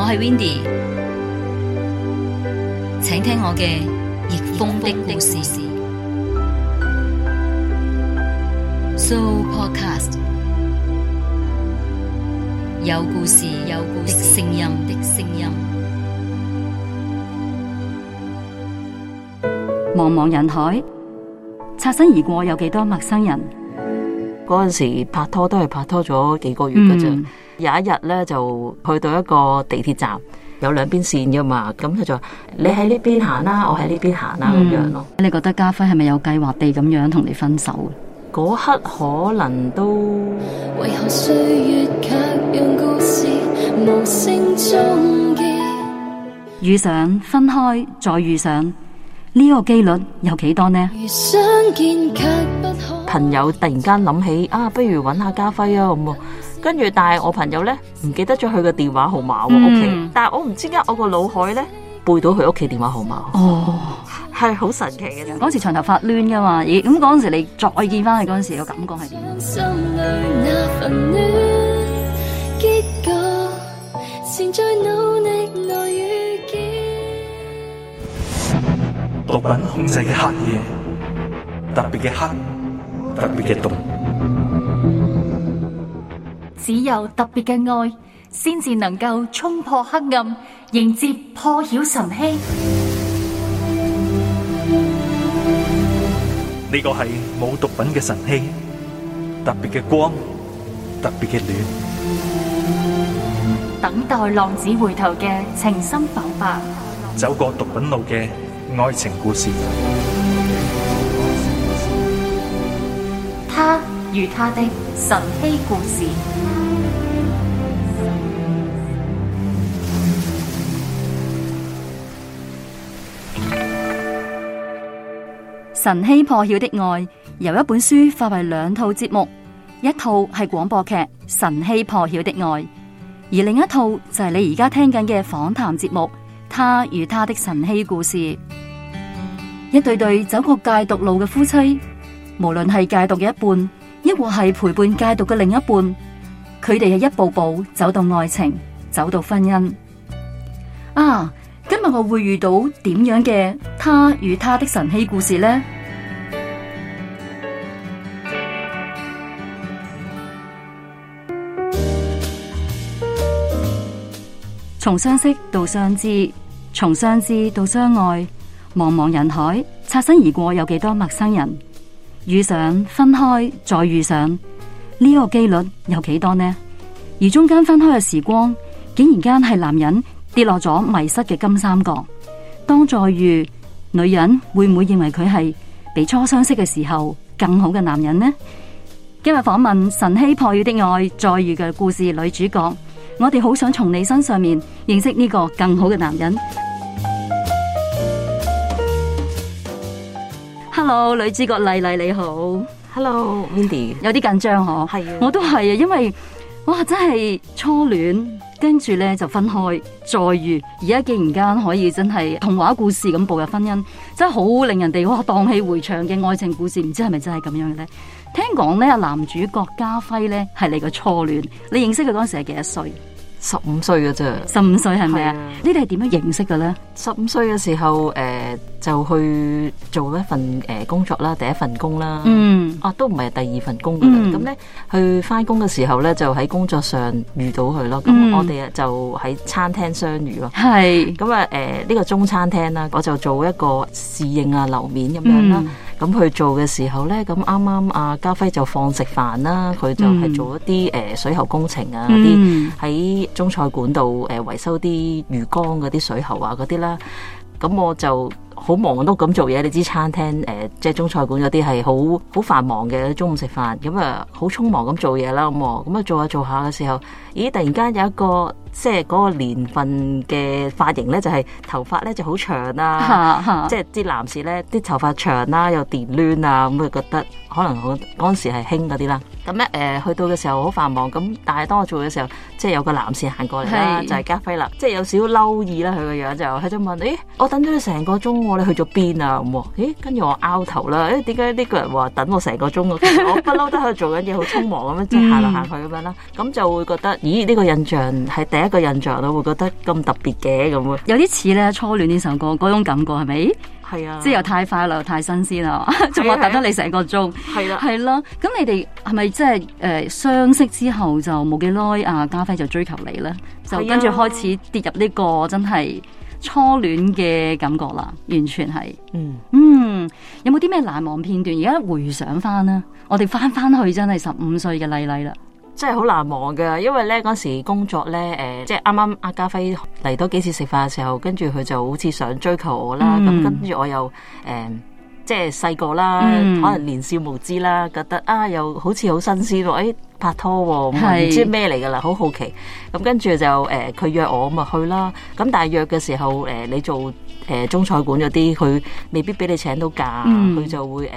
我係 Windy，請聽我嘅逆風的故事。So podcast 有故事有故事聲音的聲音，茫茫人海擦身而過，有幾多陌生人？嗰陣時拍拖都係拍拖咗幾個月噶啫。 有一日咧，就去到一個地鐵站，有兩邊線噶嘛，咁佢就話你喺呢邊行啦、啊，我喺呢邊行啦、啊、咁、嗯、樣咯。你覺得家輝係咪有計劃地咁樣同你分手？嗰刻可能都。遇上分開再遇上呢、這個機率有幾多呢？朋友突然間諗起啊，不如搵下家輝啊好唔好？」跟住，但係我朋友咧，唔記得咗佢個電話號碼喎。OK，但係我唔知而家我個腦海咧，背到佢屋企電話號碼。哦，係好神奇嘅樣。嗰時長頭髮亂噶嘛，而咁嗰時你再見翻佢嗰時個感覺係點？毒品控制嘅黑夜，特別嘅黑，特別嘅凍。只有特別嘅愛，先至能夠衝破黑暗，迎接破曉晨曦。呢個係冇毒品嘅晨曦，特別嘅光，特別嘅暖。等待浪子回頭嘅情深爆發，走過毒品路嘅愛情故事，他與他的晨曦故事。晨曦破曉的愛》由一本書化為兩套節目，一套係廣播劇《晨曦破曉的愛》，而另一套就係你而家聽緊嘅訪談節目《他與他的晨曦故事》。一對對走過戒毒路嘅夫妻，無論係戒毒嘅一半，抑或係陪伴戒毒嘅另一半，佢哋係一步步走到愛情，走到婚姻。啊！我會遇到點樣嘅他與他的神奇故事呢？從相識到相知，從相知到相愛，茫茫人海擦身而過有幾多陌生人？遇上分開再遇上呢個機率有幾多呢？而中間分開嘅時光，竟然間係男人。跌落咗迷失嘅金三角。當再遇女人，會唔會認為佢係比初相識嘅時候更好嘅男人呢？今日訪問《晨曦破曉的愛》再遇嘅故事女主角，我哋好想從你身上面認識呢個更好嘅男人。Hello，女主角麗麗你好。Hello，Wendy，有啲緊張嗬，係 的，我都係啊，因為，哇，真係初戀。跟住咧就分開再遇，而家竟然間可以真係童話故事咁步入婚姻，真係好令人哋哇蕩氣迴腸嘅愛情故事，唔知係咪真係咁樣嘅咧？聽講咧阿男主角家輝咧係你個初戀，你認識佢嗰時係幾多歲？十五歲嘅啫，十五歲係咪啊？你哋係點樣認識嘅咧？十五歲嘅時候，誒、呃，就去做一份誒工作啦，第一份工啦，嗯，啊，都唔係第二份工咁咧、嗯，去翻工嘅時候咧，就喺工作上遇到佢咯。咁、嗯、我哋啊，就喺餐廳相遇咯。係咁啊，誒，呢、呃這個中餐廳啦，我就做一個侍應啊，樓面咁樣啦。嗯嗯咁去做嘅時候呢，咁啱啱阿家輝就放食飯啦，佢就係做一啲誒、mm. 呃、水喉工程啊，啲喺中菜館度誒、呃、維修啲魚缸嗰啲水喉啊嗰啲啦，咁我就，好忙碌咁做嘢，你知餐廳誒、呃、即係中菜館有啲係好好繁忙嘅，中午食飯咁啊，好匆忙咁做嘢啦咁喎，咁啊做一下做下嘅時候，咦突然間有一個即係嗰個年份嘅髮型咧，就係、是、頭髮咧就好長啊，啊啊即係啲男士咧啲頭髮長啦、啊，又電攣啊，咁佢覺得可能我嗰陣時係興嗰啲啦。咁咧誒去到嘅時候好繁忙，咁但係當我做嘅時候，即係有個男士行過嚟啦，是就係家輝啦，即係有少少嬲意啦佢個樣就喺度問，咦我等咗你成個鐘。我哋去咗邊啊？咁，咦？跟住我拗頭啦！誒，點解呢個人話等我成個鐘？我不嬲都喺度做緊嘢，好匆忙咁樣，即係行嚟行去咁樣啦。咁就會覺得，咦？呢個印象係第一個印象咯，會覺得咁特別嘅咁。有啲似咧，初戀呢首歌嗰種感覺，係咪？係啊，即係又太快啦，又太新鮮啦，仲話等得你成個鐘。係啦，係咯。咁你哋係咪即係誒相識之後就冇幾耐啊？嘉輝就追求你咧，就跟住開始跌入呢個真係。初戀嘅感覺啦，完全係，嗯，嗯，有冇啲咩難忘片段？而家回想翻呢，我哋翻翻去真係十五歲嘅麗麗啦，真係好難忘㗎。因為呢嗰時工作呢，誒、呃，即係啱啱阿家輝嚟，多幾次食飯嘅時候，跟住佢就好似想追求我啦，咁跟住我又誒。呃即係細個啦，可能年少無知啦，覺得啊，又好似好新鮮喎，誒、哎，拍拖喎，哦，唔、嗯、是知咩嚟㗎啦，好好奇。咁跟住就誒，佢、呃、約我咁啊去啦。咁但係約嘅時候，誒、呃，你做誒、呃、中菜館嗰啲，佢未必俾你請到假，佢、嗯、就會誒，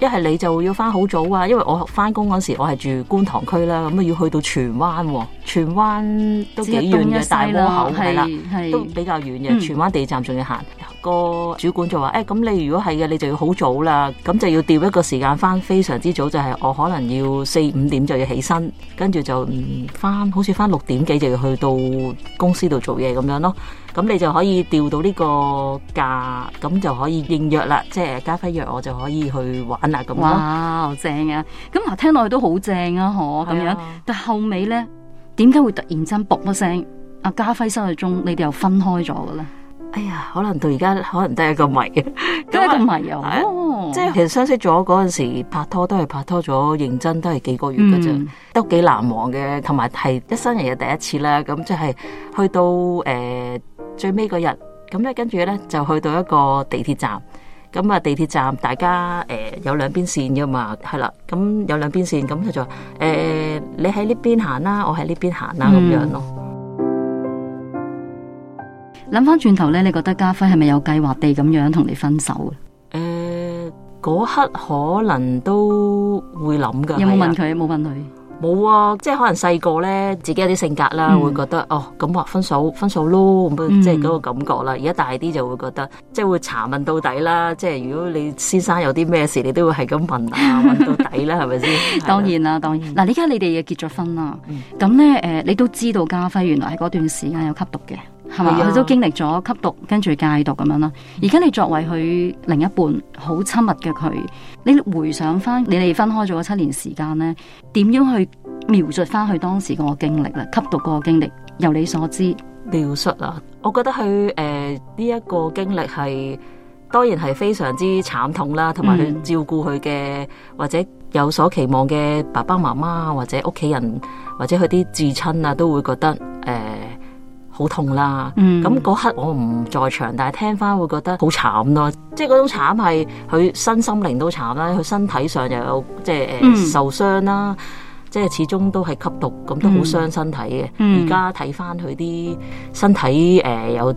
一、呃、係你就要翻好早啊。因為我翻工嗰時，我係住觀塘區啦，咁，嗯、啊要去到荃灣，哦，荃灣都幾遠嘅，大窩口係啦的，都比較遠嘅，荃灣地站仲要行。嗯嗯個主管就話，誒、哎，咁你如果係嘅，你就要好早啦，咁就要調一個時間翻，非常之早，就係我可能要四五點就要起身，跟住就翻、嗯，好似翻六點幾就要去到公司度做嘢咁樣咯。咁你就可以調到呢個假，咁就可以應約啦，即係家輝約我就可以去玩啊咁咯。哇，正啊！咁嗱，聽落去都好正啊，嗬，咁樣。啊、但後尾呢，點解會突然間卜一聲？阿家輝生日中，你哋又分開咗嘅咧？哎呀，可能到而家可能都係一個謎嘅，都 係是個迷友啊！即係、就是、其實相識咗嗰陣時拍拖都係拍拖咗，認真都係幾個月嘅啫，嗯、都幾難忘嘅。同埋係一生人嘅第一次啦。咁即係去到誒、呃、最尾嗰日，咁咧跟住咧就去到一個地鐵站。咁啊地鐵站大家誒、呃、有兩邊線嘅嘛？係啦，咁有兩邊線，咁佢就話誒、呃、你喺呢邊行啦，我喺呢邊行啦，咁、嗯、樣咯。諗翻轉頭咧，你覺得家輝係咪有計劃地咁樣同你分手？誒、呃，嗰刻可能都會諗噶，有冇問佢？冇、哎、呀問佢，冇啊！即、就、係、是、可能細個咧，自己有啲性格啦，嗯、會覺得哦，咁話分手，分手咯，咁即係嗰個感覺啦。而家、嗯、大啲就會覺得，即、就、係、是、會查問到底啦。即係如果你先生有啲咩事，你都會係咁問啊，問到底啦，係咪先？當然啦，當然。嗱，嗯、你而家你哋嘅結咗婚啦，咁咧誒，你都知道家輝原來喺嗰段時間有吸毒嘅。係咪？佢、啊、都經歷咗吸毒，跟住戒毒咁樣啦。而家你作為佢另一半，好親密嘅佢，你回想翻你哋分開咗七年時間呢，點樣去描述翻佢當時個經歷啦？吸毒個經歷，由你所知描述啊。我覺得佢誒，呢一個經歷係，當然係非常之慘痛啦，同埋照顧佢嘅或者有所期望嘅爸爸媽媽或者屋企人或者佢啲至親啊，都會覺得誒。呃好痛啦！咁嗰、嗯、刻我唔在場，但係聽翻會覺得好慘咯。即係嗰種慘係佢身心靈都慘啦，佢身體上又有即係、呃嗯、受傷啦。即係始終都係吸毒，咁都好傷身體嘅。而家睇翻佢啲身體誒、呃，有啲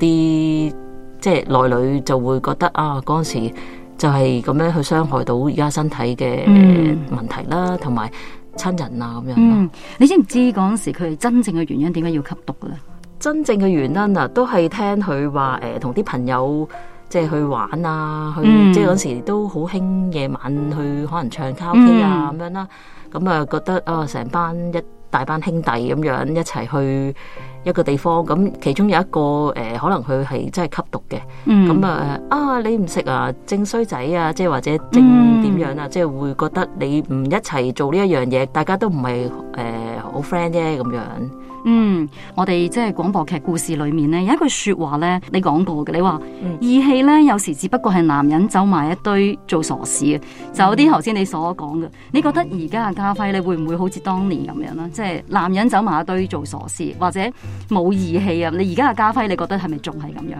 即係內裏就會覺得啊，嗰陣時就係咁樣去傷害到而家身體嘅問題啦，同埋親人啊咁樣。你知唔知嗰陣時佢真正嘅原因點解要吸毒呢？真正嘅原因啊，都係聽佢話誒，同、呃、啲朋友即係去玩啊，去、嗯、即係嗰時都好興夜晚去可能唱卡拉 OK 啊咁、嗯、樣啦、啊。咁啊，覺得啊，成、哦、班一大班兄弟咁樣一齊去一個地方，咁其中有一個誒、呃，可能佢係真係吸毒嘅。咁、嗯嗯、啊啊，你唔食啊，正衰仔啊，即係或者正點樣啊，嗯、即係會覺得你唔一齊做呢一樣嘢，大家都唔係誒好 friend 啫咁樣。嗯，我哋即係廣播劇故事裏面咧，有一句說話咧，你講過嘅，你話義氣咧，有時只不過係男人走埋一堆做傻事嘅，就有啲頭先你所講嘅。你覺得而家嘅家輝你會唔會好似當年咁樣咧？即係男人走埋一堆做傻事，或者冇義氣啊？你而家嘅家輝，你覺得係咪仲係咁樣？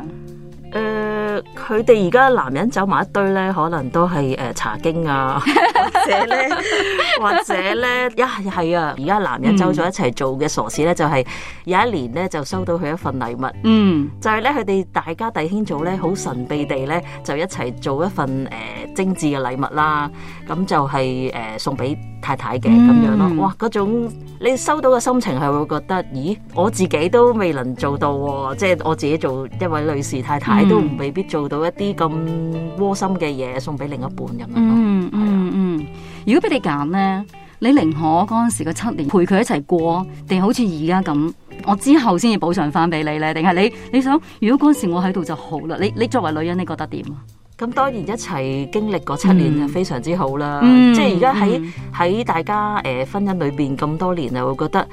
誒、呃，佢哋而家男人走埋一堆咧，可能都係誒查經啊，或者咧， 或者咧，一係啊，而家男人走咗一齊做嘅傻事咧，就係、是。係有一年咧，就收到佢一份禮物。嗯，就係咧，佢哋大家弟兄組咧，好神秘地咧，就一齊做一份誒、呃、精緻嘅禮物啦。咁就係誒送俾太太嘅咁、嗯、樣咯。哇，嗰種你收到嘅心情係會覺得，咦，我自己都未能做到、啊，即係我自己做一位女士太太都未必做到一啲咁窩心嘅嘢，送俾另一半咁樣咯。嗯嗯嗯，啊、如果俾你揀咧？你寧可嗰陣時嘅七年陪佢一齊過，定好似而家咁，我之後先至補償翻俾你咧？定係你你想？如果嗰陣時我喺度就好啦。你你作為女人，你覺得點啊？咁、嗯嗯嗯、當然一齊經歷過七年就非常之好啦。嗯嗯、即係而家喺喺大家誒、呃、婚姻裏邊咁多年啦，我覺得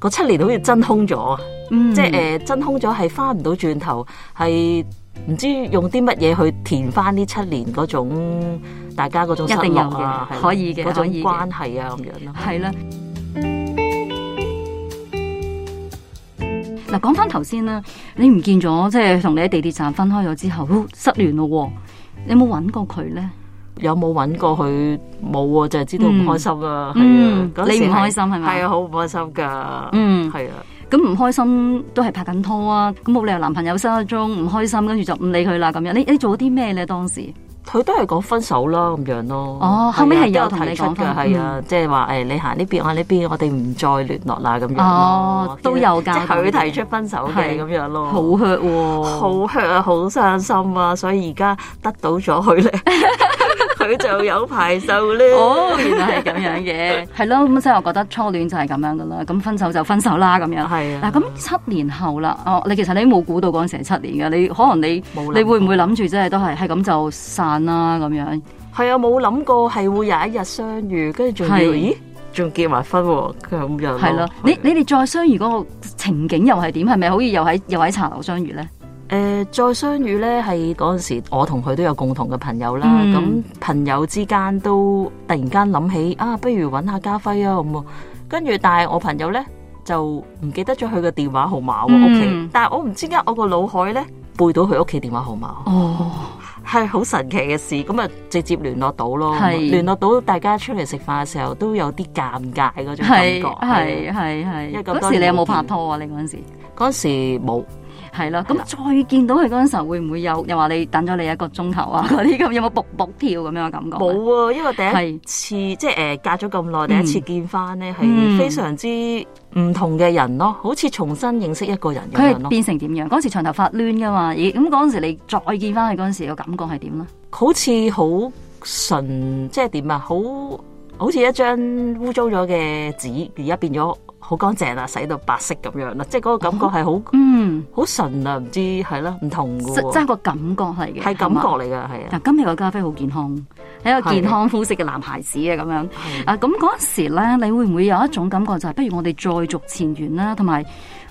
嗰七年好似真空咗啊！嗯、即係誒、呃、真空咗係翻唔到轉頭係。唔知用啲乜嘢去填翻呢七年嗰種大家嗰種失落啊，一定有嘅，可以嘅，嗰種關係啊咁樣咯，係啦。嗱，講翻頭先啦，你唔見咗，即係同你喺地鐵站分開咗之後失聯咯。你有冇揾過佢咧？有冇揾過佢？冇啊，就係知道唔開心啊。嗯，你唔開心係咪？係啊，好唔開心噶。嗯，係啊。咁唔開心都係拍緊拖啊！咁冇理由男朋友失咗蹤，唔開心跟住就唔理佢啦咁樣。你你做啲咩咧？當時佢都係講分手啦咁樣咯。哦，後尾係有同你講嘅，係啊、嗯，即係話誒，你行呢邊，我行呢邊，我哋唔再聯絡啦咁樣哦，後都有噶，即係佢提出分手嘅咁、嗯、樣咯。好 hurt、哦、好 hurt，好傷心啊！所以而家得到咗佢咧。 佢就有排受咧。 哦，原來係咁樣嘅，係咯。 咁所以我覺得初戀就係咁樣噶啦。咁分手就分手啦，咁樣。係啊。嗱咁、啊、七年後啦，哦，你其實你冇估到嗰時係七年嘅，你可能你，你會唔會諗住即係都係係咁就散啦咁樣？係啊，冇諗過係會有一日相遇，跟住仲仲結埋婚喎，咁樣、啊。係咯、啊啊。你你哋再相遇嗰個情景又係點？係咪可以又喺又喺茶樓相遇咧？誒，再相遇咧，係嗰陣時，我同佢都有共同嘅朋友啦。咁朋友之間都突然間諗起啊，不如搵下家輝啊咁啊。跟住，但係我朋友咧就唔記得咗佢嘅電話號碼喎。屋企，但係我唔知點解我個腦海咧背到佢屋企電話號碼。哦，係好神奇嘅事。咁啊，直接聯絡到咯，聯絡到大家出嚟食飯嘅時候都有啲尷尬嗰種感覺。係係係。因為咁多年，嗰時你有冇拍拖啊？你嗰陣時？嗰時冇。係啦，咁再見到佢嗰陣時候，會唔會有又話你等咗你一個鐘頭啊嗰啲咁？有冇卜卜跳咁樣嘅感覺？冇啊，因為第一次是即係誒隔咗咁耐，嗯、第一次見翻咧係非常之唔同嘅人咯，好似重新認識一個人咁樣咯。佢變成點樣？嗰時長頭髮攣噶嘛，咦，咁嗰時你再見翻佢嗰陣時嘅感覺係點咧？好似好純，即係點啊？好，好似一張污糟咗嘅紙，而家變咗。好乾淨啦，洗到白色咁樣啦，即係嗰個感覺係好、哦，嗯，好純啊，唔知係啦，唔同嘅，真係個感覺嚟嘅，係感覺嚟噶，係啊的。的今日個咖啡好健康，係一個健康膚的色嘅男孩子的啊，咁樣啊。咁嗰時咧，你會唔會有一種感覺、就是，就係不如我哋再續前緣啦，同埋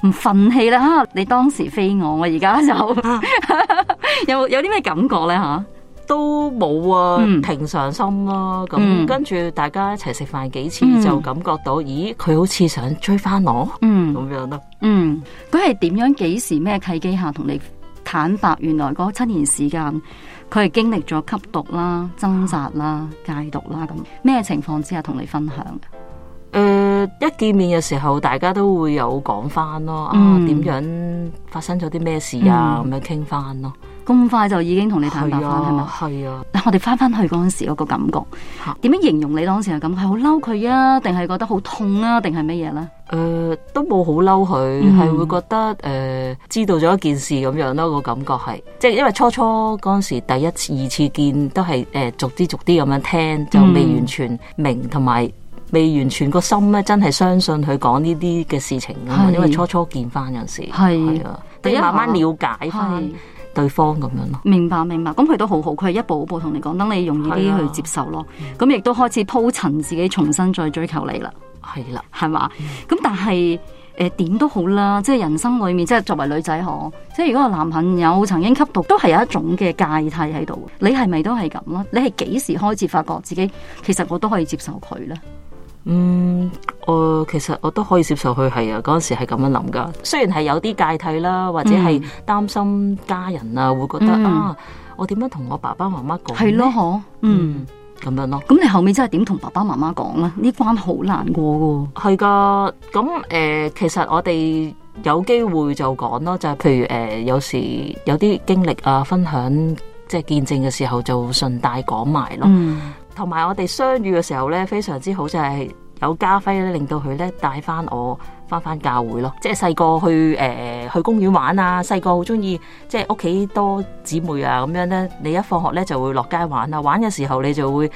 唔憤氣啦？哈，你當時飛我，我而家就、啊、 有有啲咩感覺咧？吓？都冇啊，平常心咯。咁、嗯、跟住大家一齊食飯幾次，嗯、就感覺到，咦，佢好似想追翻我，咁樣咯。嗯，佢係點樣？幾時咩契機下同你坦白？原來嗰七年時間，佢係經歷咗吸毒啦、掙扎啦、戒毒啦，咁咩情況之下同你分享？誒、嗯呃，一見面嘅時候，大家都會有講翻咯。啊，點樣發生咗啲咩事、嗯、啊？咁樣傾翻咯。咁快就已經同你坦白啦，係嘛？係啊！嗱吧，啊、我哋翻翻去嗰陣時，嗰個感覺點樣形容？你當時嘅感覺，好嬲佢啊，定係覺得好痛啊，定係乜嘢咧？誒、呃，都冇好嬲佢，係、嗯、會覺得誒、呃，知道咗一件事咁樣咯。那個感覺係，即係因為初初嗰陣時第一次、二次見，都係誒、呃、逐啲逐啲咁樣聽，就未完全明，同埋、嗯、未完全個心咧，真係相信佢講呢啲嘅事情咁啊。是因為初初見翻嗰陣時，係是啊，要慢慢了解翻。是對方咁樣咯，明白明白，咁佢都好好，佢係一步一步同你講，等你容易啲去接受咯。咁亦都開始鋪陳自己，重新再追求你啦。係啦，係嘛？咁但係誒，點都好啦，即係人生裏面，即係作為女仔，嗬，即係如果個男朋友曾經吸毒，都係有一種嘅芥蒂喺度。你係咪都係咁咯？你係幾時開始發覺自己其實我都可以接受佢呢？嗯，我、呃、其實我都可以接受佢係啊，嗰時係咁樣諗噶。雖然係有啲芥蒂啦，或者係擔心家人啊，嗯、會覺得、嗯、啊，我點樣同我爸爸媽媽講？係咯，嗬，嗯，咁、嗯、樣咯。咁你後面真係點同爸爸媽媽講咧？呢關好難過噶。係噶，咁誒、呃，其實我哋有機會就講咯，就係譬如誒、呃，有時有啲經歷啊，分享即係見證嘅時候，就順帶講埋咯。嗯。同埋我哋相遇嘅時候咧，非常之好，就係、是、有家輝咧，令到佢咧帶翻我翻翻教會咯。即係細個去誒、呃、去公園玩啊，細個好中意即係屋企多姊妹啊咁樣咧。你一放學咧就會落街玩啊，玩嘅時候你就會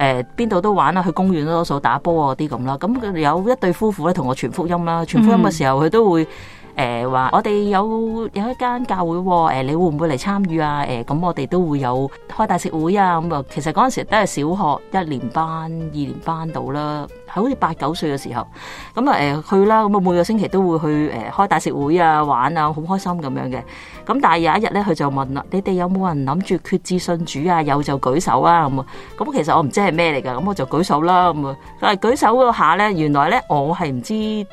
誒邊度都玩啊，去公園咯，啊，多數打波啊啲咁啦。咁有一對夫婦咧同我傳福音啦，啊，傳福音嘅時候佢、嗯、都會。誒話，呃、我哋有有一間教會、哦，誒、呃、你會唔會嚟參與啊？誒、呃、咁、嗯嗯、我哋都會有開大食會啊咁啊、嗯，其實嗰陣時都係小學一年班、二年班到啦。好似八九歲嘅時候，咁啊誒去啦，咁啊每個星期都會去誒、呃、開大食會啊玩啊，好開心咁樣嘅。咁但係有一日咧，佢就問啦：你哋有冇人諗住決志信主啊？有就舉手啊咁啊。咁、嗯嗯、其實我唔知係咩嚟噶，咁、嗯、我就舉手啦咁啊。但係舉手嗰下咧，原來咧我係唔知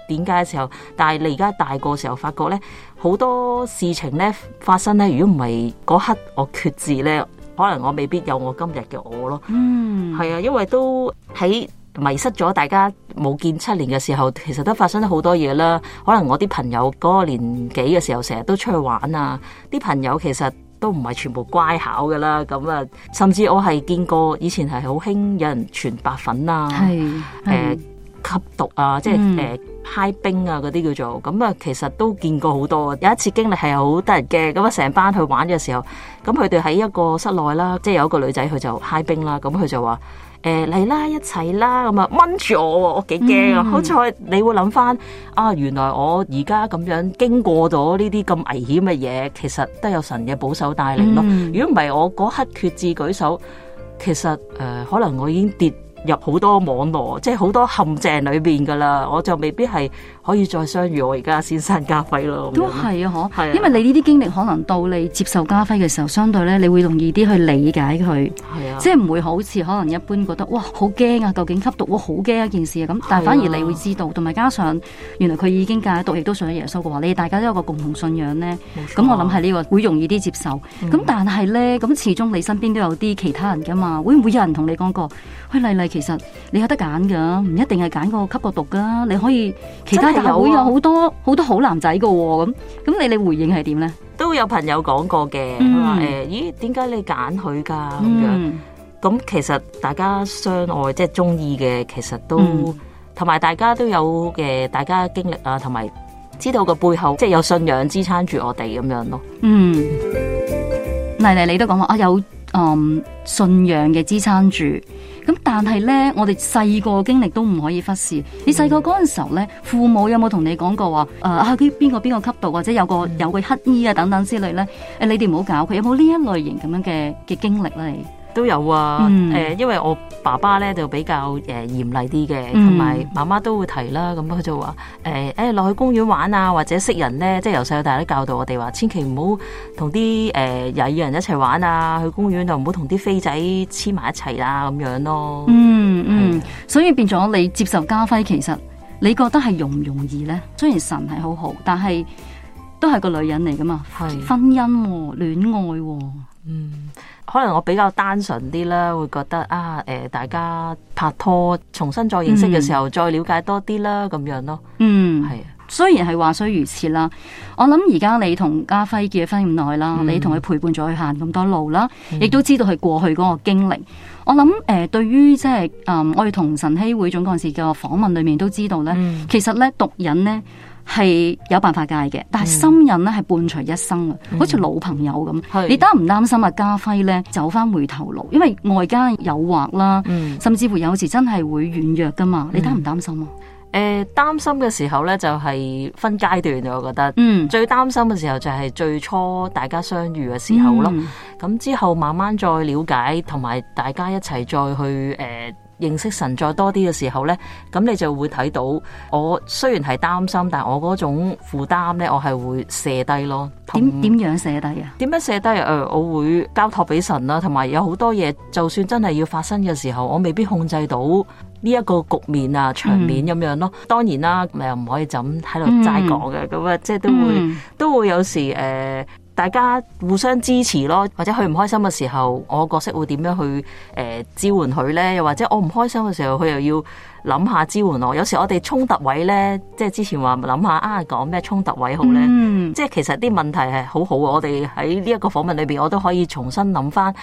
點解嘅時候，但係你而家大個嘅時候，發覺咧好多事情咧發生咧，如果唔係嗰刻我決志咧，可能我未必有我今日嘅我咯。嗯，係啊，因為都喺。迷失咗，大家冇見七年嘅時候，其實都發生咗好多嘢啦。可能我啲朋友嗰個年紀嘅時候，成日都出去玩啊。啲朋友其實都唔係全部乖巧㗎啦。咁啊，甚至我係見過以前係好興有人傳白粉啊，誒、呃、吸毒啊，即係誒嗨冰啊嗰啲叫做。咁、嗯、啊，嗯、其實都見過好多。有一次經歷係好得人驚，咁啊成班去玩嘅時候，咁佢哋喺一個室內啦，即係有一個女仔佢就嗨冰啦，咁佢就話。誒嚟啦，一齊啦咁啊，掹住我，我幾驚啊！嗯、好彩你會諗翻啊，原來我而家咁樣經過咗呢啲咁危險嘅嘢，其實都有神嘅保守帶領咯。如果唔係，我嗰刻決志舉手，其實誒、呃、可能我已經跌入好多網絡，即係好多陷阱裏邊噶啦，我就未必係。可以再相遇我，我而家先生家輝咯，都係啊，嗬，是啊、因為你呢啲經歷，可能到你接受家輝嘅時候，相對咧，你會容易啲去理解佢，係是啊，即係唔會好似可能一般覺得哇好驚啊，究竟吸毒哇好驚一件事啊，咁，但係反而你會知道，同埋是、啊、加上原來佢已經戒毒，亦都信咗耶穌嘅話，你哋大家都有個共同信仰咧，咁是、啊、我諗係呢個會容易啲接受。咁、嗯、但係咧，咁始終你身邊都有啲其他人噶嘛，會唔會有人同你講過？喂麗麗，其實你有得揀噶，唔一定係揀個吸個毒噶，你可以其他的。其他會有好多好多好男仔噶咁，咁你你回應係點咧？都有朋友講過嘅，話誒、嗯，咦，點、欸、解你揀佢噶咁樣？咁其實大家相愛、嗯、即係中意嘅，其實都同埋、嗯、大家都有嘅，大家經歷啊，同埋知道個背後即係有信仰支撐住我哋咁樣咯。嗯，麗麗你都講話啊，有誒、嗯、信仰嘅支撐住。咁但係咧，我哋細個經歷都唔可以忽視。你細個嗰陣時候咧，父母有冇同你講過話？誒、呃，阿啲邊個邊個吸毒，或者有個有個乞兒啊等等之類咧？誒，你哋唔好搞佢。有冇呢一類型咁樣嘅嘅經歷咧？都有啊，誒、嗯，因為我爸爸咧就比較誒嚴厲啲嘅，同埋媽媽都會提啦，咁佢、嗯、就話誒，誒、欸、落去公園玩啊，或者識人咧，即係由細到大都教導我哋話，千祈唔好同啲誒曳人一齊玩啊，去公園就唔好同啲飛仔黐埋一齊啦、啊，咁樣咯。嗯嗯，嗯是所以變咗你接受家輝，其實你覺得係容唔容易咧？雖然神係好好，但係都係個女人嚟㗎嘛，是婚姻、哦、戀愛、哦，嗯。可能我比較單純啲啦，會覺得啊，誒、呃，大家拍拖重新再認識嘅時候，嗯、再了解多啲啦，咁樣咯。嗯，係啊。雖然係話雖如此啦，我諗而家你同家輝結婚咁耐啦，嗯、你同佢陪伴咗佢行咁多路啦，亦、嗯、都知道佢過去嗰個經歷。我諗誒、呃，對於即係誒，我哋同晨曦會總幹事嘅訪問裏面都知道咧，嗯、其實咧毒癮呢。.係有辦法戒嘅，但係心癮咧係伴隨一生啊，好似老朋友咁。是你擔唔擔心啊？家輝咧走翻回頭路，因為外間誘惑啦，嗯、甚至乎有時真係會軟弱噶嘛。嗯、你擔唔擔心啊？誒、呃，擔心嘅時候咧就係、是、分階段，我覺得。嗯。最擔心嘅時候就係最初大家相遇嘅時候咯。咁、嗯嗯、之後慢慢再了解，同埋大家一齊再去誒。呃認識神再多啲嘅時候咧，咁你就會睇到，我雖然係擔心，但係我嗰種負擔咧，我係會卸低咯。點點樣卸低啊？點樣卸低？誒、呃，我會交託俾神啦、啊，同埋有好多嘢，就算真係要發生嘅時候，我未必控制到呢一個局面啊、場面咁、嗯、樣咯。當然啦，咪又唔可以、嗯、就咁喺度齋講嘅，咁啊，即係都會、嗯、都會有時誒。呃大家互相支持咯，或者佢唔開心嘅時候，我角色會點樣去誒、呃、支援佢呢？又或者我唔開心嘅時候，佢又要諗下支援我。有時我哋衝突位呢，即係之前話諗下啊，講咩衝突位好呢？嗯、即係其實啲問題係好好、啊、我哋喺呢一個訪問裏邊，我都可以重新諗翻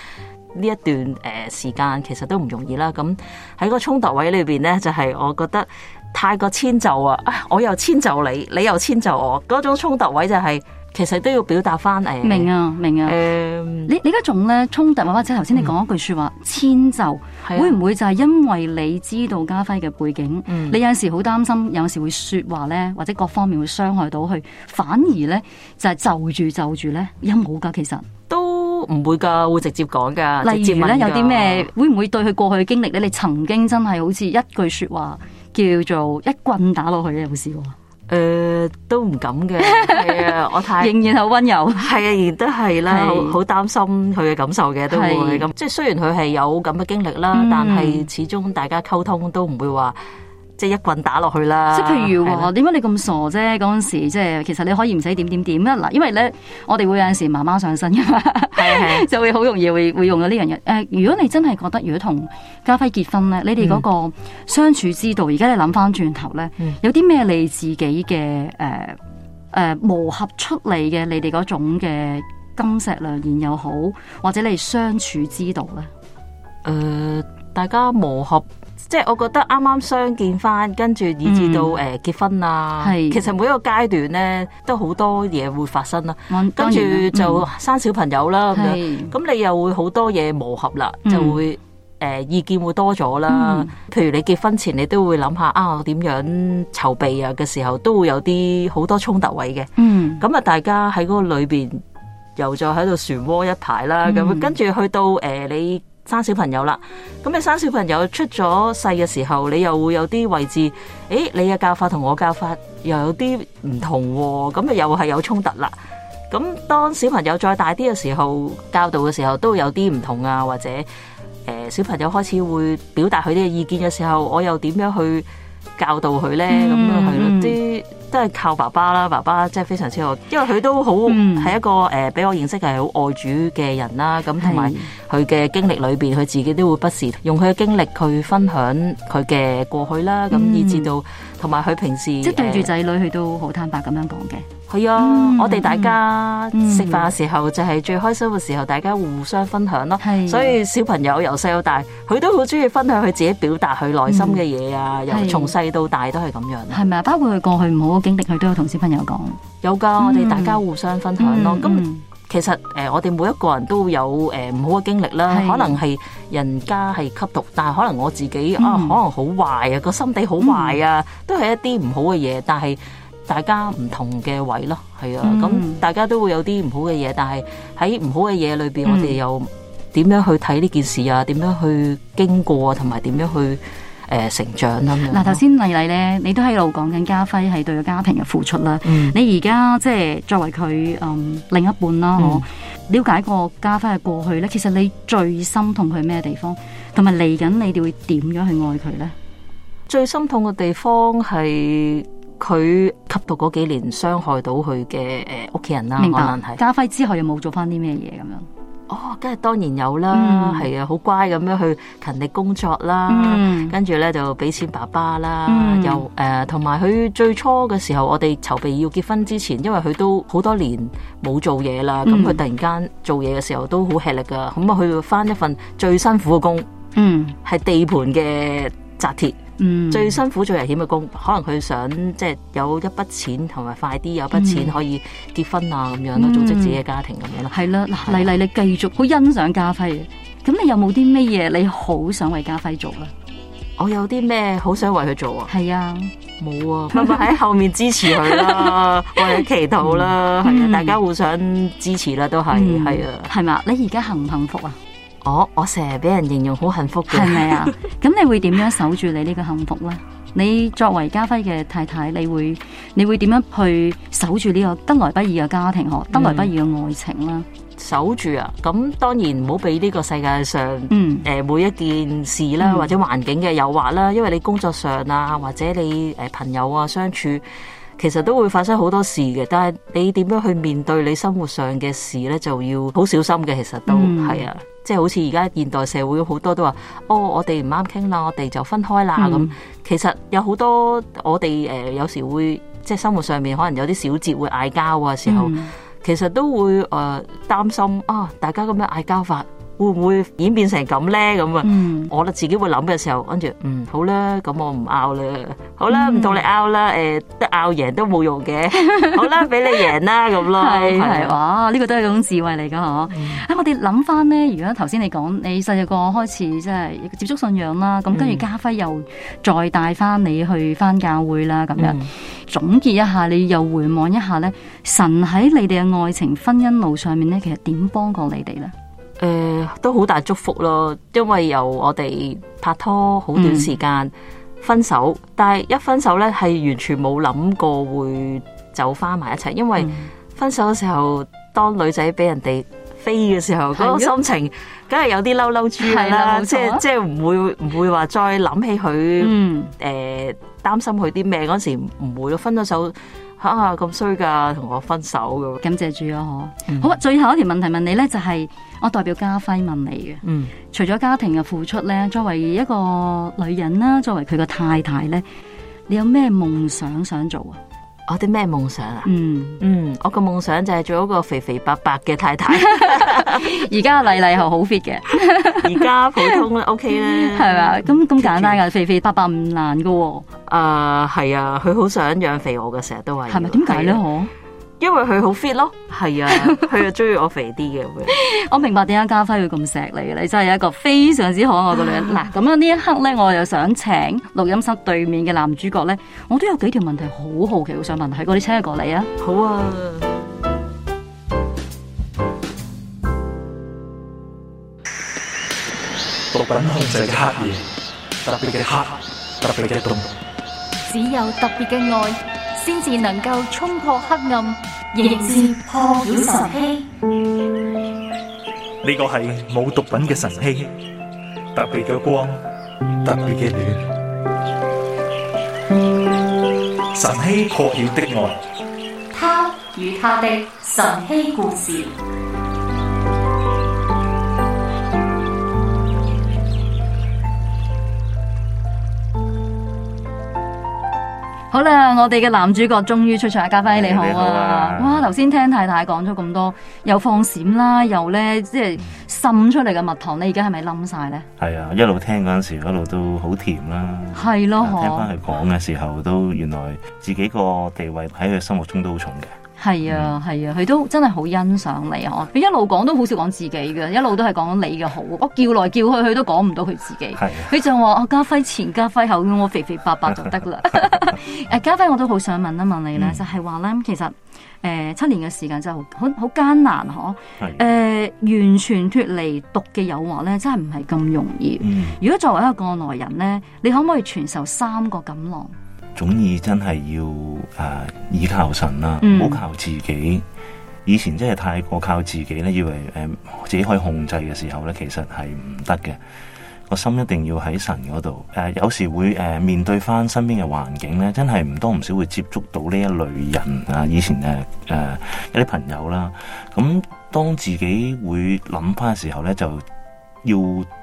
呢一段誒時間，其實都唔容易啦。咁喺個衝突位裏邊呢，就係、是、我覺得太過遷就啊！我又遷就你，你又遷就我，嗰種衝突位就係、是。其實都要表達翻嚟。明啊，明啊。嗯、你你而家仲咧衝突或者頭先你講一句說話遷、嗯、就，啊、會唔會就係因為你知道家輝嘅背景，嗯、你有陣時好擔心，有陣時會說話咧，或者各方面會傷害到佢，反而咧就係、是、就住就住咧，有冇噶？其實都唔會噶，會直接講噶。例如咧，接有啲咩會唔會對佢過去經歷咧？你曾經真係好似一句說話叫做一棍打落去咧，有冇試過？誒、呃、都唔敢嘅，係 啊，我太 仍然好溫柔，係啊，亦都係啦，好好是擔心佢嘅感受嘅，都會咁。是即係雖然佢係有咁嘅經歷啦，嗯、但係始終大家溝通都唔會話。即一棍打落去啦！即譬如，點解的你咁傻啫？嗰陣時、即係，即其實你可以唔使點點點啦。嗱，因為咧，我哋會有陣時媽媽上身，噶嘛，是是 就會好容易會會用到呢樣嘢。誒、呃，如果你真係覺得如果同家輝結婚咧，你哋嗰個相處之道，而家、嗯、你諗翻轉頭咧，嗯、有啲咩你自己嘅誒誒磨合出嚟嘅，你哋嗰種嘅金石良言又好，或者你相處之道咧？誒、呃，大家磨合。即係我覺得啱啱相見返，跟住以至到誒、嗯欸、結婚啊，是其實每一個階段咧都好多嘢會發生啦。跟住就生小朋友啦咁樣，咁是你又會好多嘢磨合啦，嗯、就會誒、欸、意見會多咗啦。嗯、譬如你結婚前你都會諗下啊，我點樣籌備啊嘅時候，都會有啲好多衝突位嘅。嗯，咁、嗯、啊，大家喺嗰個裏邊又再喺度漩渦一排啦。咁跟住去到誒你。生小朋友啦，咁你生小朋友出咗世嘅時候，你又會有啲位置，誒、哎，你嘅教法同我教法又有啲唔同、啊，咁啊又係有衝突啦。咁當小朋友再大啲嘅時候，教導嘅時候都有啲唔同啊，或者誒、呃，小朋友開始會表達佢啲意見嘅時候，我又點樣去？教導佢咧，咁樣係咯，啲都係靠爸爸啦。爸爸即係非常之好。因為佢都好係、嗯、一個誒、俾、呃、我認識係好愛主嘅人啦。咁同埋佢嘅經歷裏邊，佢是自己都會不時用佢嘅經歷去分享佢嘅過去啦。咁以至到同埋佢平時即係對住仔女，佢、呃、都好坦白咁樣講嘅。係啊，嗯、我哋大家食飯嘅時候就係最開心嘅時候，嗯、大家互相分享咯。是所以小朋友由細到大，佢都好中意分享佢自己表達佢內心嘅嘢啊。嗯、由從細到大都係咁樣。係咪啊？包括佢過去唔好嘅經歷，佢都有同小朋友講。有噶的，嗯、我哋大家互相分享咯。咁、嗯嗯、其實誒、呃，我哋每一個人都有誒呃、唔好嘅經歷啦。嗯嗯、可能係人家係吸毒，但係可能我自己啊，可能好壞啊，個心地好壞啊，都係一啲唔好嘅嘢。但係。大家唔同嘅位咯，係啊，咁大家都會有啲唔好嘅嘢，但係喺唔好嘅嘢裏邊，我哋又點樣去睇呢件事啊？點樣去經過啊？同埋點樣去誒成長啊？嗱，頭先麗麗咧，你都喺度講緊家輝係對個家庭嘅付出啦。嗯，你而家即係作為佢嗯另一半啦，我了解過家輝嘅過去咧，其實你最心痛佢咩地方？同埋嚟緊，你哋會點樣去愛佢咧？最心痛嘅地方係。佢吸毒嗰幾年，傷害到佢嘅誒屋企人啦，明白可能係。家輝之後又冇做翻啲咩嘢咁樣？哦，梗係當然有啦，係啊、嗯，好乖咁樣去勤力工作啦。跟住咧就俾錢爸爸啦，嗯、又誒同埋佢最初嘅時候，我哋籌備要結婚之前，因為佢都好多年冇做嘢啦，咁佢、嗯、突然間做嘢嘅時候都好吃力噶。咁啊去翻一份最辛苦嘅工，嗯，係地盤嘅紮鐵。嗯最辛苦最危險嘅工，可能佢想即係有一筆錢同埋快啲有筆錢可以結婚啊咁樣咯，組織自己嘅家庭咁樣咯。係啦，麗麗你繼續好欣賞家輝，咁你有冇啲咩嘢，你好想為家輝做啊？我有啲咩好想為佢做啊？係啊，冇啊，咪咪喺後面支持佢啦，為你祈禱啦，係啊，大家互相支持啦，都係係啊。係嘛？你而家幸唔幸福啊？我我成日俾人形容好幸福嘅，係咪啊？咁 bueno 你會點樣守住你呢個幸福呢？你作為家輝嘅太太，你會你會點樣去守住呢個得來不易嘅家庭嗬？得來不易嘅愛情啦，嗯，守住啊！咁當然唔好俾呢個世界上，嗯，誒，每一件事啦，嗯，或者環境嘅誘惑啦，因為你工作上啊，或者你誒朋友啊相處。其實都會發生好多事嘅，但係你點樣去面對你生活上嘅事呢？就要好小心嘅。其實都係、嗯、啊，即係好似而家現代社會好多都話，哦，我哋唔啱傾啦，我哋就分開啦咁、嗯。其實有好多我哋誒、呃，有時會即係生活上面可能有啲小節會嗌交嘅時候，嗯、其實都會誒擔、呃、心啊、哦，大家咁樣嗌交法。會唔會演變成咁咧？咁啊，我哋自己會諗嘅時候，跟住嗯好啦，咁我唔拗啦，好啦，唔同你拗啦，誒，得拗贏都冇用嘅，好啦，俾你贏啦，咁咯，係哇，呢個都係一種智慧嚟噶嗬。咁我哋諗翻咧，如果頭先你講你細細個開始即係接觸信仰啦，咁跟住家輝又再帶翻你去翻教會啦，咁樣總結一下，你又回望一下咧，神喺你哋嘅愛情婚姻路上面咧，其實點幫過你哋咧？誒，都好大祝福咯，因為由我哋拍拖好短時間分手，但係一分手咧，係完全冇諗過會走翻埋一齊，因為分手嘅時候，當女仔俾人哋飛嘅時候，嗰個心情，梗係有啲嬲嬲豬啦，即係即係唔會唔會話再諗起佢，誒擔心佢啲咩嗰時唔會咯，分咗手。啊！咁衰噶，同我分手噶。感謝住啊，嗬！嗯、好啊，最後一條問題問你咧，就係、是，我代表家輝問你嘅。嗯，除咗家庭嘅付出咧，作為一個女人啦，作為佢嘅太太咧，你有咩夢想想做啊？我啲咩夢想啊？嗯嗯，嗯我個夢想就係做一個肥肥白白嘅太太。而家麗麗係好 fit 嘅，而家普通啦 OK 咧，係嘛？咁咁簡單噶， 肥肥白白唔難噶。誒，係啊，佢好、uh, 啊、想養肥我噶，成日都係。係咪點解咧？嗬？因為佢好 fit 咯，係啊，佢又中意我肥啲嘅。 我明白點解家輝會咁錫你嘅，你真係有一個非常之可愛嘅女人。嗱、啊，咁樣呢一刻咧，我又想請錄音室對面嘅男主角咧，我都有幾條問題好好奇，好想問，喺嗰啲車過嚟啊，好啊。特別嘅熱黑夜，特別嘅黑，特別嘅凍，只有特別嘅愛，先至能夠衝破黑暗。迎接破曉晨曦，呢個係冇毒品嘅晨曦，特別嘅光，特別嘅暖。晨曦破曉的愛，他與他的晨曦故事。好啦，我哋嘅男主角終於出場，家輝你好啊！好啊哇，頭先聽太太講咗咁多，又放閃啦，又咧即係滲出嚟嘅蜜糖，你而家係咪冧晒咧？係啊，一路聽嗰陣時一路都好甜啦。係咯，啊、聽翻佢講嘅時候，都原來自己個地位喺佢心目中都好重嘅。係啊，係啊，佢都真係好欣賞你嗬。佢一路講都好少講自己嘅，一路都係講你嘅好。我叫來叫去，佢都講唔到佢自己。佢、啊、就話：我、啊、加輝前，加輝後，我肥肥白白，白就得啦。誒， 加輝，我都好想問一問你咧，嗯、就係話咧，其實誒七、呃、年嘅時間真係好好艱難嗬。誒、啊呃，完全脫離毒嘅誘惑咧，真係唔係咁容易。嗯、如果作為一個過來人咧，你可唔可以傳授三個錦囊？總以真係要誒倚、呃、靠神啦、啊，唔好、嗯、靠自己。以前真係太過靠自己咧，以為誒、呃、自己可以控制嘅時候咧，其實係唔得嘅。個心一定要喺神嗰度。誒、呃、有時會誒、呃、面對翻身邊嘅環境咧，真係唔多唔少會接觸到呢一類人啊、呃。以前誒誒、呃、一啲朋友啦，咁、嗯、當自己會諗翻嘅時候咧，就，要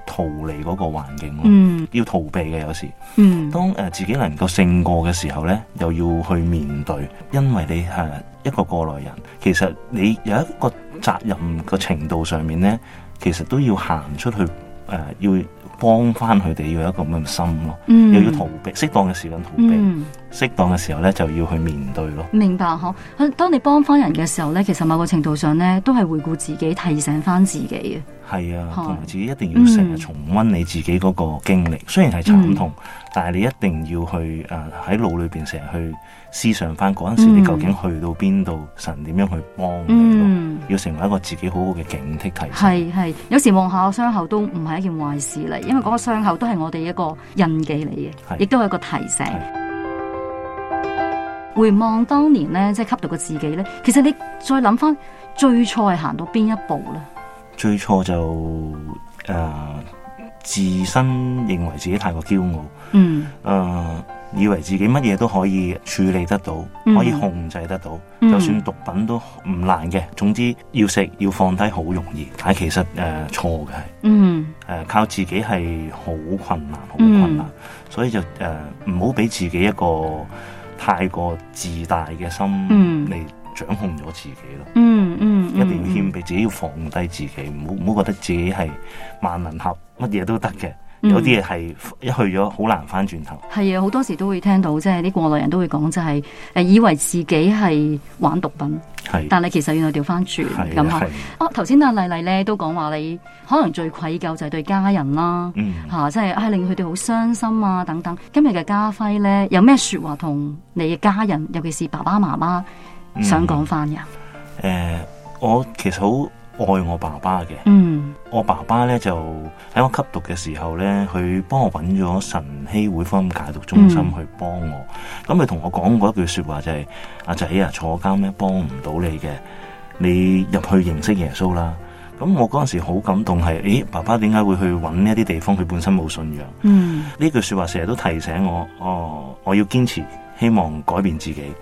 逃離嗰個環境咯，嗯、要逃避嘅有時。嗯、當誒自己能夠勝過嘅時候咧，又要去面對，因為你係一個過來人，其實你有一個責任嘅程度上面咧，其實都要行出去誒、呃，要幫翻佢哋，要有一個咁嘅心咯，嗯、又要逃避，適當嘅時間逃避。嗯嗯適當嘅時候咧，就要去面對咯。明白嗬。當你幫翻人嘅時候咧，其實某個程度上咧，都係回顧自己，提醒翻自己嘅。係啊，同埋自己一定要成日重温你自己嗰個經歷。雖然係慘痛，但係你一定要去誒喺腦裏邊成日去思想翻嗰陣時，你究竟去到邊度，神點樣去幫你？嗯，要成為一個自己好好嘅警惕提醒。係係，有時望下個傷口都唔係一件壞事嚟，因為嗰個傷口都係我哋一個印記嚟嘅，亦都係一個提醒。回望當年咧，即係吸毒嘅自己咧，其實你再諗翻最錯係行到邊一步咧？最錯就誒、是呃，自身認為自己太過驕傲，嗯，誒、呃，以為自己乜嘢都可以處理得到，嗯、可以控制得到，嗯、就算毒品都唔難嘅。總之要食要放低好容易，但係其實誒、呃、錯嘅係，嗯，誒、呃、靠自己係好困難，好困難，嗯、所以就誒唔好俾自己一個。太過自大嘅心嚟掌控咗自己咯，嗯嗯，一定要謙卑，自己要放低自己，唔好唔好覺得自己係萬能俠，乜嘢都得嘅。有啲嘢係一去咗，好難翻轉頭。係啊、嗯，好多時都會聽到，即係啲過來人都會講、就係，就係誒以為自己係玩毒品，的但係其實原來掉翻轉咁啊！哦，頭先阿麗麗咧都講話你可能最愧疚就係對家人啦，吓即係令佢哋好傷心啊等等。今日嘅家輝咧有咩說話同你嘅家人，尤其是爸爸媽媽想講翻嘅？誒、嗯呃，我其實好。愛我爸爸嘅，嗯、我爸爸咧就喺我吸毒嘅時候咧，佢幫我揾咗晨曦會坊戒毒中心去幫我。咁佢同我講過一句說話就係、是：阿仔啊，坐監咧幫唔到你嘅，你入去認識耶穌啦。咁我嗰陣時好感動，係誒、欸，爸爸點解會去揾呢一啲地方？佢本身冇信仰。呢、嗯、句說話成日都提醒我，哦，我要堅持，希望改變自己。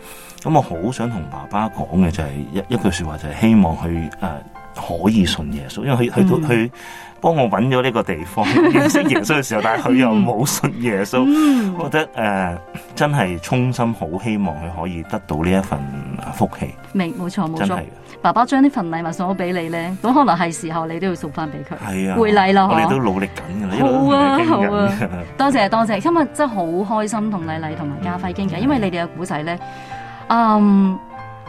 咁我好想同爸爸講嘅就係、是、一一,一句說話就係希望去誒。呃可以信耶穌，因為佢去到佢幫我揾咗呢個地方認識耶穌嘅時候，但係佢又冇信耶穌，我覺得誒真係衷心好希望佢可以得到呢一份福氣。明冇錯冇錯，爸爸將呢份禮物送咗俾你咧，咁可能係時候你都要送翻俾佢。係啊，回禮啦嗬。我哋都努力緊㗎啦，好啊好啊。多謝多謝，今日真係好開心同麗麗同埋家輝傾偈，因為你哋嘅古仔咧，嗯。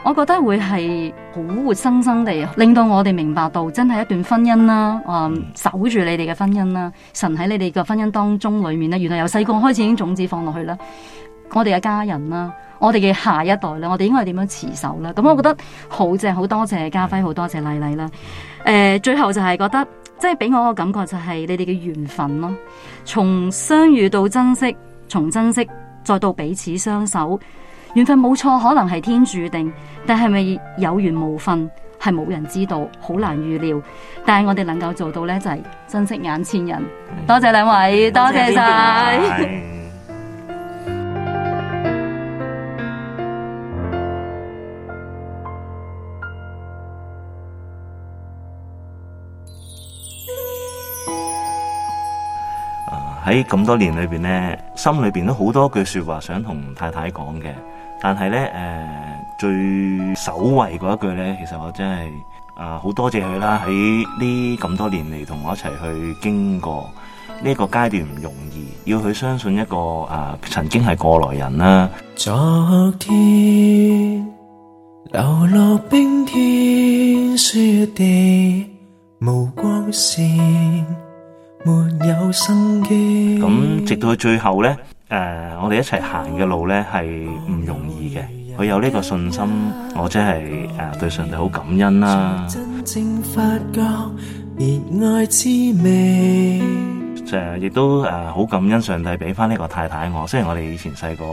我覺得會係好活生生地令到我哋明白到，真係一段婚姻啦，嗯、守住你哋嘅婚姻啦，神喺你哋嘅婚姻當中裏面咧，原來由細個開始已經種子放落去啦。我哋嘅家人啦，我哋嘅下一代啦，我哋應該係點樣持守啦？咁、嗯、我覺得好正，好多謝家輝，好多謝麗麗啦。誒、呃，最後就係覺得，即係俾我個感覺就係你哋嘅緣分咯，從相遇到珍惜，從珍惜再到彼此相守。緣分冇錯，可能係天注定，但係咪有緣無份係冇人知道，好難預料。但係我哋能夠做到呢，就係珍惜眼前人。多謝兩位，哎，多謝晒。喺咁多年裏邊呢，心裏邊都好多句說話想同太太講嘅。但係咧，誒、呃，最守衛嗰一句咧，其實我真係啊，好、呃、多謝佢啦！喺呢咁多年嚟，同我一齊去經過呢個階段唔容易，要佢相信一個啊、呃，曾經係過來人啦。昨天流落冰天雪地，無光線，沒有生機。咁直到最後咧，誒、呃，我哋一齊行嘅路咧，係唔容易嘅，佢有呢個信心，我真係誒、呃、對上帝好感恩啦、啊。就亦、 呃、都誒好、呃、感恩上帝俾翻呢個太太我，雖然我哋以前細個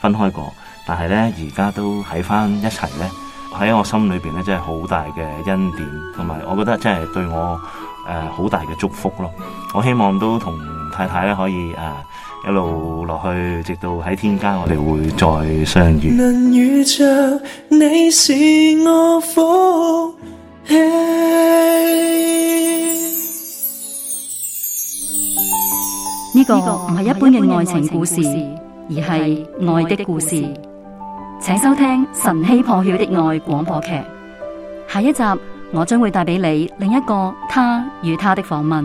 分開過，但係咧，而家都喺翻一齊咧，喺我心裏邊咧真係好大嘅恩典，同埋我覺得真係對我誒好、呃、大嘅祝福咯。我希望都同太太咧可以誒。呃一路落去，直到喺天家，我哋會再相遇。能遇着你是我福氣。呢個唔係一般嘅愛情故事，而係愛的故事。故事請收聽《晨曦破曉的愛》廣播劇。下一集，我將會帶俾你另一個他與他的訪問。